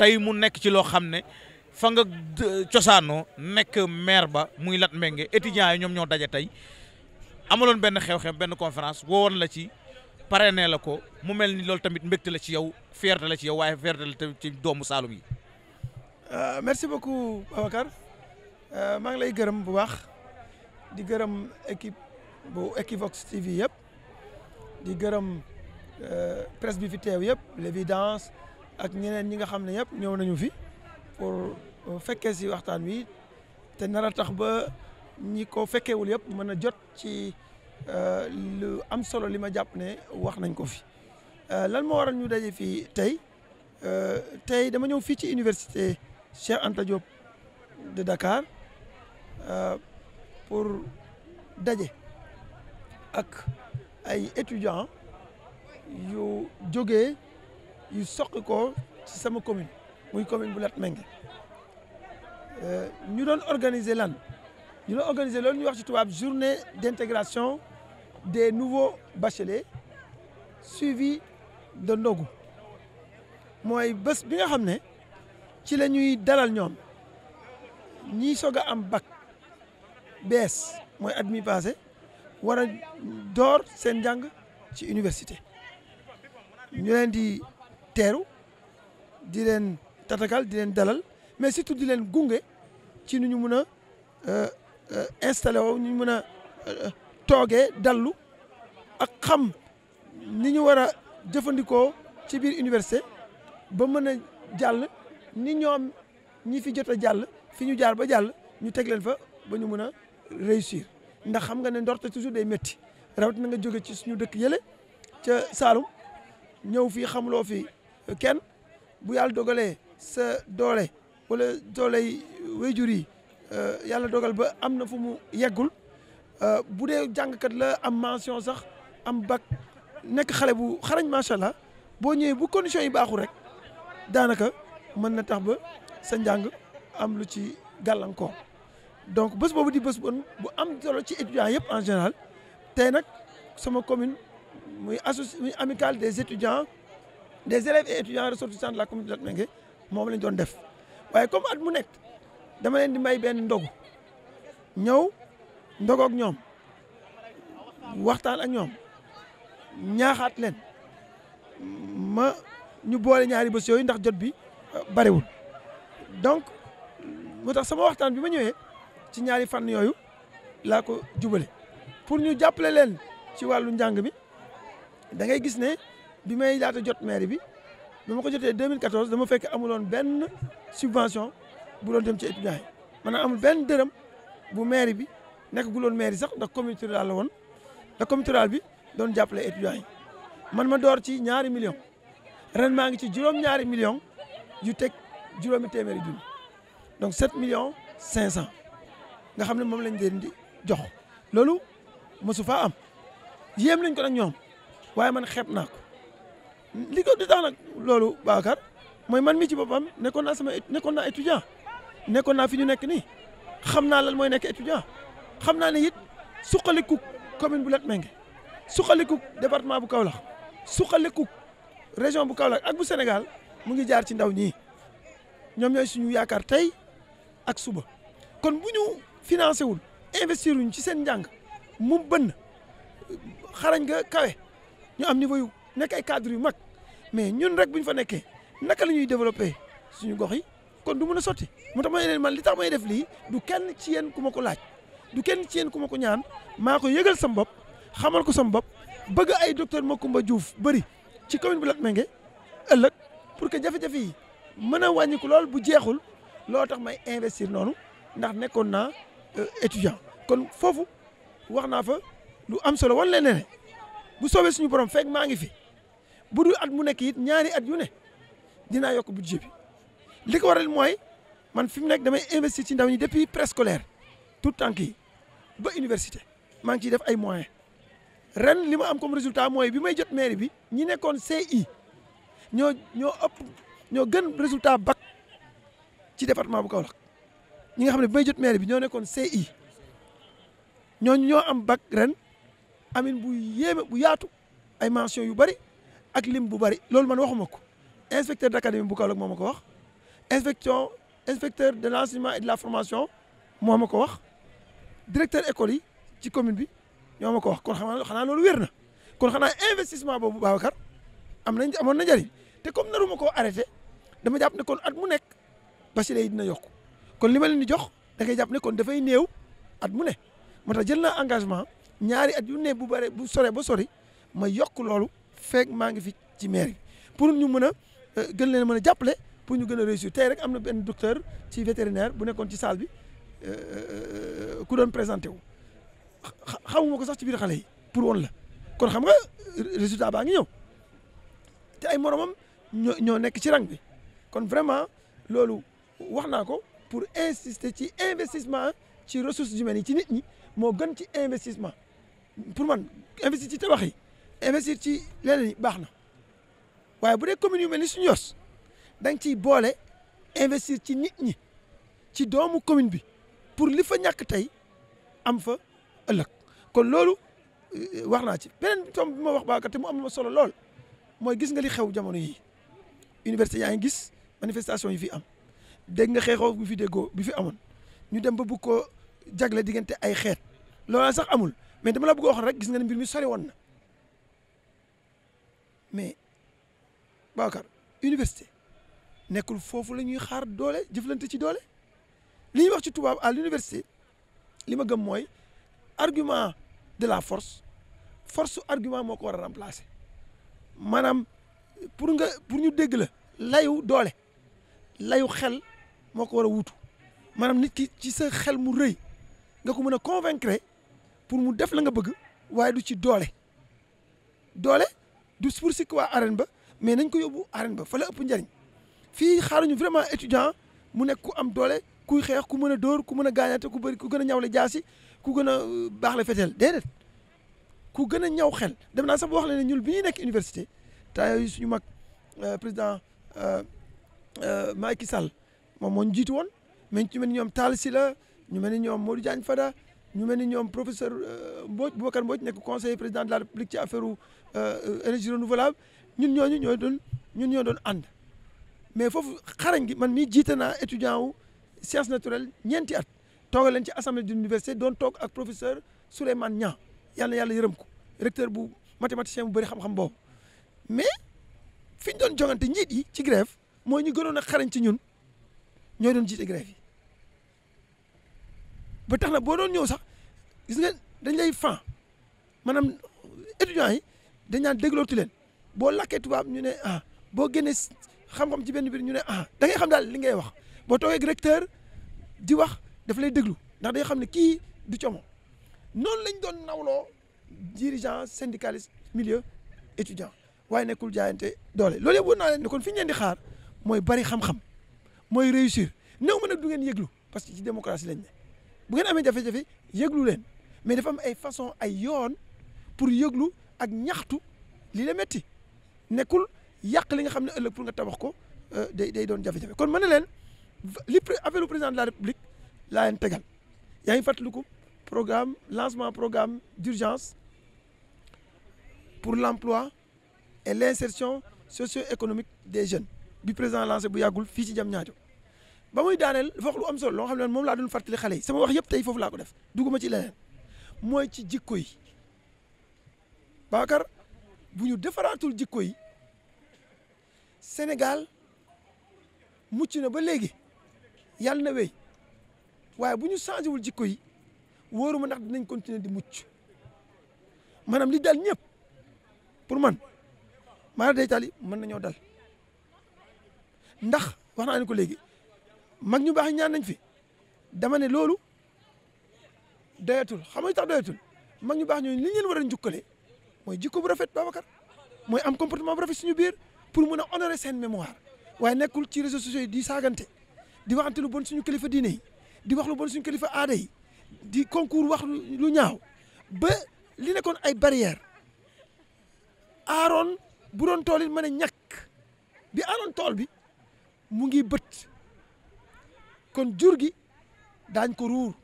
tey mu nekk ci loo xam ne fa nga cosaano nekk maire ba muy Lat Mbengue étudiants yi ñoom ñoo daje tey amaloon benn xew-xew benn conférence woowoon la ci parrainé la ko mu mel ni loolu tamit mbégte la ci yow fierté la ci yow waaye fierté la tamit ci doomu Saalum yi. Euh, merci beaucoup Babacar euh, maa ngi lay gërëm bu baax di gërëm équipe bu Equivox TV yëpp di gërëm euh, presse bi fi teew yëpp l'évidence ak ñeneen ñi nga xam ne yëpp ñëw nañu fi pour euh, fekkee si waxtaan wi te nar a tax ba ñi ko fekkewul yëpp mën a jot ci euh, lu am solo li ma jàpp ne wax nañ ko fi euh, lan moo waral ñu daje fii tey tey dama ñëw fii ci université Cheikh Anta Diop de Dakar pour daje ak ay étudiants yu jóge yu soqi ko ci sama commune muy commune bu Latmingué euh, ñu doon organiser lan ñu doon organiser loolu ñuy wax ci tubaab journée d'intégration des nouveaux bacheliers suivi de mooy bés bi nga xam ne ci la ñuy dalal ñoom ñiy soog a am bac bees mooy at mi passé war a door seen njàng ci université ñu teeru di leen tatagal di leen dalal mais surtout di leen gunge ci nu ñu mën a euh, euh, installé woo ñu mën a euh, toogee dallu ak xam ni ñu war a jëfandikoo ci biir université ba mën a jàll ni ñoom ñi fi jot a jàll fi ñu jaar ba jàll ñu teg leen fa ba ñu mën a réussir ndax xam nga ne ndorte toujours day métti rawat na nga jóge ci suñu dëkk yële ca Saalum ñëw fii xamuloo fii kenn bu yàlla dogalee sa doole wala dooley wéyjur yi euh, yàlla dogal ba am na fu mu yeggul euh, bu dee jàngkat la am mention sax am bag nekk xale bu xarañ macha allah boo ñëwee bu condition yi baaxul rek daanaka mën na tax ba sa njàng am lu ci gàllankoor donc bés boobu di bés bon bu am solo ci étudiants yëpp en général tey nag sama commune muy association muy amicale des étudiants des élèves et étudiants ressortissants de la commune de Latmingué moom lañ doon def waaye comme at mu nekk dama leen di may benn ndogu ñëw ndogoog ñoom waxtaan ak ñoom ñaaxaat leen ma ñu boole ñaari bés yooyu ndax jot bi euh, bariwul donc moo tax sama waxtaan bi ma ñëwee ci ñaari fànn yooyu laa ko jubale pour ñu jàppale leen ci wàllu njàng mi da ngay gis ne bi may laata jot maire bi bi ma ko jotee 2014 dama fekk amuloon benn subvention bu doon dem ci étudiants yi maanaam amul benn dërëm bu maire bi nekk guloon maire sax ndax communauté rurale la woon ndax communauté rurale bi doon jàppale étudiants man ma door ci ñaari millions ren maa ngi ci juróom-ñaari millions teg juróomi téeméeri junni donc 7 millions 500 nga xam ne moom lañ leen di jox loolu mosu am yéem lañ ko nag ñoom waaye man xeeb naa ko. li ko di tax nag loolu Bakar mooy man mi ci boppam nekkoon na sama nekkoon na étudiant nekkoon naa fi ñu nekk nii xam naa lal mooy nekk étudiant xam naa ne it suqaliku commune bu Latmingué suqaliku département bu Kaolack suqaliku région bu Kaolack ak bu Sénégal mu ngi jaar ci ndaw ñi ñoom ñooy suñu yaakaar tey ak suba kon bu ñu financé wul investir wuñ ci seen njàng mu bënn xarañ nga kawe ñu am niveau yu nekk ay cadre yu mag mais ñun rek bu ñu fa nekkee naka la ñuy développé suñu gox yi kon du mën a sotti mu tax ma leen man li tax may def lii du kenn ci yéen ku ma ko laaj du kenn ci yéen ku ma ko ñaan maa ko yëgal sam bopp xamal ko sam bopp bëgg ay ma Macoumba Diouf bëri ci commune bu Latmingué ëllëg pour que jafe yi mën a wàññiku lool bu jeexul loo tax may investir noonu ndax nekkoon naa euh, étudiant kon foofu wax naa fa lu am solo wan leen bu soobee suñu borom fekk maa ngi fi bu dul at mu nekk it ñaari at yu ne dinaa yokk budget bi li ko waral mooy man fi mu nekk damay investir ci ndaw ñi depuis préscolaire tout tànk yi ba université maa ngi ciy def ay moyen ren li ma am comme résultat mooy bi may jot mairie bi ñi nekkoon CI ñoo ñoo ëpp ñoo gën résultat bac ci département bu Kaolack ñi nga xam ne bi may jot mairie bi ñoo nekkoon CI ñooñu ñoo am bac ren amin bu yéeme bu yaatu ay mention yu bari ak lim bu bari loolu man waxuma ko inspecteur d' académie bu Kaolack moo ma ko wax inspection inspecteur de l' enseignement et de la formation moo ma ko wax directeur école yi ci commune bi ñoo ma ko wax kon xanaa xanaa loolu wér na kon xanaa investissement boobu kar am nañ amoon na njëriñ te comme naruma ko arrêté dama jàpp ne kon at mu nekk bachelier yi dina yokk kon li ma leen di jox da ngay jàpp ne kon dafay néew at mu ne moo tax jël na engagement ñaari at yu ne bu bare bu sore ba sori ma yokk loolu feeg maa ngi fi ci mairie pour ñu mën a euh, gën leen mën a jàppale pour ñu gën a réussir tey rek am na benn docteur ci vétérinaire bu nekkoon ci salle bi euh, euh, ku doon présenté wu xamuma ko sax ci biir xale yi pour woon la kon xam nga résultat baa ngi ñëw te ay moromam ñoo nekk ci rang bi kon vraiment loolu wax naa ko pour insister ci investissement ci ressources humaines yi ci nit ñi moo gën ci investissement pour man investir ci tabax yi investir ci leneen baax na waaye bu dee communes yu mel ni suñu yos da ciy boole investir ci nit ñi ci doomu commune bi pour li fa ñàkk tey am fa ëllëg kon loolu euh, wax naa ci beneen tomb bi ma wax baakat te mu am ma solo lool mooy gis nga li xew jamono yi université yaa ngi gis manifestation yi fi am dégg nga xeexoo bi fi déggoo bi fi amoon ñu dem ba bugg koo jagle diggante ay xeet loolu sax amul mais dama la bëgg a wax rek gis nga ne mbir mi sori woon na mais Babacar université nekkul foofu la ñuy xaar doole jëflante ci doole li ñuy wax ci tubaab à l'université li ma gëm mooy argument de la force force su argument moo ko war a remplacer maanaam pour nga pour ñu dégg la layu doole layu xel moo ko war a wuutu maanaam nit ki ci sa xel mu rëy nga ko mën a convaincre pour mu def la nga bëgg waaye du ci doole doole du pour sikk waa arène ba mais nañ ko yóbbu arène ba fa la ëpp njariñ fii xaaruñu vraiment étudiant mu nekk ku am doole kuy xeex ku mën a dóor ku mën a ku bëri ku gën a ñawle jaasi ku gën a euh, baax la feteel déedéet ku gën a ñaw xel dem naa sax wax la ne ñun bi ñuy nekk université taa yooyu suñu mag euh, président euh, Macky Sall moom moo ñu jiitu woon mais ñu mel ni ñoom Tall Sylla ñu mel ni ñoom Modou Diagne Fada ñu mel ni ñoom professeur euh, Mbodj Boubacar Mbodj nekk conseiller président de la république ci affaire euh, énergie renouvelable ñun ñooñu ñooy doon ñun ñoo doon ànd mais foofu xarañ gi man mii jiite naa étudiant wu science naturelle ñeenti at toogal leen ci assemblée d' université doon toog ak professeur Souleymane Niang yàlla yàlla yërëm ko recteur bu mathématicien bu bëri xam-xam boobu mais fi ñu doon jongante njiit yi ci grève mooy ñu gënoon a xarañ ci ñun ñooy doon jiite grève yi ba tax na boo doon ñëw sax gis nga dañ lay fan maanaam étudiants yi dañ naan déglootu leen boo lakkee tubaab ñu ne ah boo génnee xam-xam ci benn biir ñu ne ah da ngay xam daal li ngay wax boo toogee ak recteur di wax daf lay déglu ndax day xam ne kii di como noonu lañ doon nawloo dirigeant syndicaliste milieu étudiant waaye nekkul jaayante doole loolu yëpp wër naa leen ne kon fi ñu leen di xaar mooy bari xam-xam mooy réussir néew ma nag du ngeen yëglu parce qu ci démocratie lañ ne bu ngeen amee jafe-jafe yëglu leen mais dafa am ay façon ay yoon pour yëglu ak ñaxtu li la métti nekkul yàq li nga xam ne ëllëg pour nga tabax ko euh, day day doon jafe-jafe kon mën na leen li affaire président de la république laa leen tegal yaa ngi fàttaliku programme lancement programme d'urgence pour l'emploi et l'insertion socio-économique des jeunes bi président lancé bu yàggul fii ci Diamniadio ba muy daaneel dafa wax lu am solo loo xam ne moom laa doon fàttali xale yi sama wax yëpp tey foofu laa ko def duguma ci leneen mooy ci jikko yi Babacar bu ñu defaraatul jikko senegal Sénégal mucc na ba léegi yàlla na wéy waaye bu ñu wul jikko yi wóoruma ndax dinañ continuer di mucc maanaam li dal ñëpp pour man maanaam day tali mën nañoo dal ndax wax naa ne ko léegi. mag ñu baax ñaan nañ fi dama loolu doyatul xam nga tax doyatul mag ñu baax ñooñu li ñu leen war a njukkale mooy jikko bu rafet Babacar mooy am comportement bu rafet suñu biir pour mun a honorer seen mémoire waaye nekkul ci réseaux sociaux yi di saagante di waxante lu bon suñu kilifa diine yi di wax lu bon suñu kilifa aada yi di concours wax lu ñaaw ba li nekkoon ay barrière aaroon bu doon tool yi mën a ñàkk bi aaroon tool bi mu ngi bët kon jur gi daañ ko ruur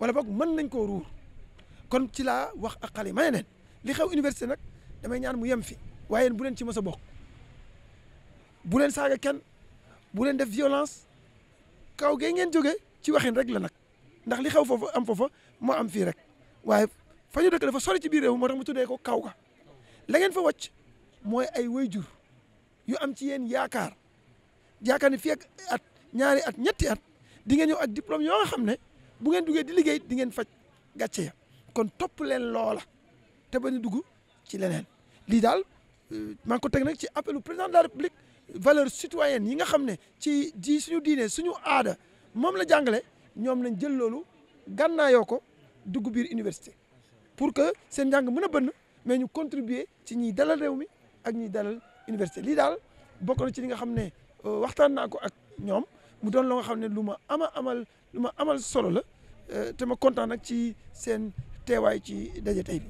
wala boog mën nañ ko ruur kon ci laa wax ak xale yi ma ne leen li xew université nag damay ñaan mu yem fi waaye bu leen ci mës a bokk bu leen saaga kenn bu leen def violence kaw gee ngeen jógee ci waxin rek la nag ndax li xew foofa am foofa moo am fii rek waaye fa ñu dëkk dafa sori ci biir réew moo tax mu tuddee ko kaw ga la ngeen fa mooy ay wayjur yu am ci yéen yaakaar yaakaar ni fii ñaari at ñetti at di ngeen ñëw ak diplôme yoo nga xam ne bu ngeen dugee di liggéey di ngeen faj gàcce ya kon topp leen loola te bañ a dugg ci leneen lii daal euh, maa ngi ko teg nag ci appelu président de la république valeur citoyenne yi nga xam ne ci ji suñu diine suñu aada moom la jàngale ñoom lañ jël loolu gànnaayoo ko dugg biir université pour que seen njàng mën a bënn mais ñu contribuer ci ñiy dalal réew mi ak ñiy dalal université lii daal bokk na ci li nga xam ne euh, waxtaan naa ko ak ñoom bu doon la xam ne lu ma ama amal lu ma amal solo la euh, te ma kontaan nag ci seen tewaay ci daje tey bi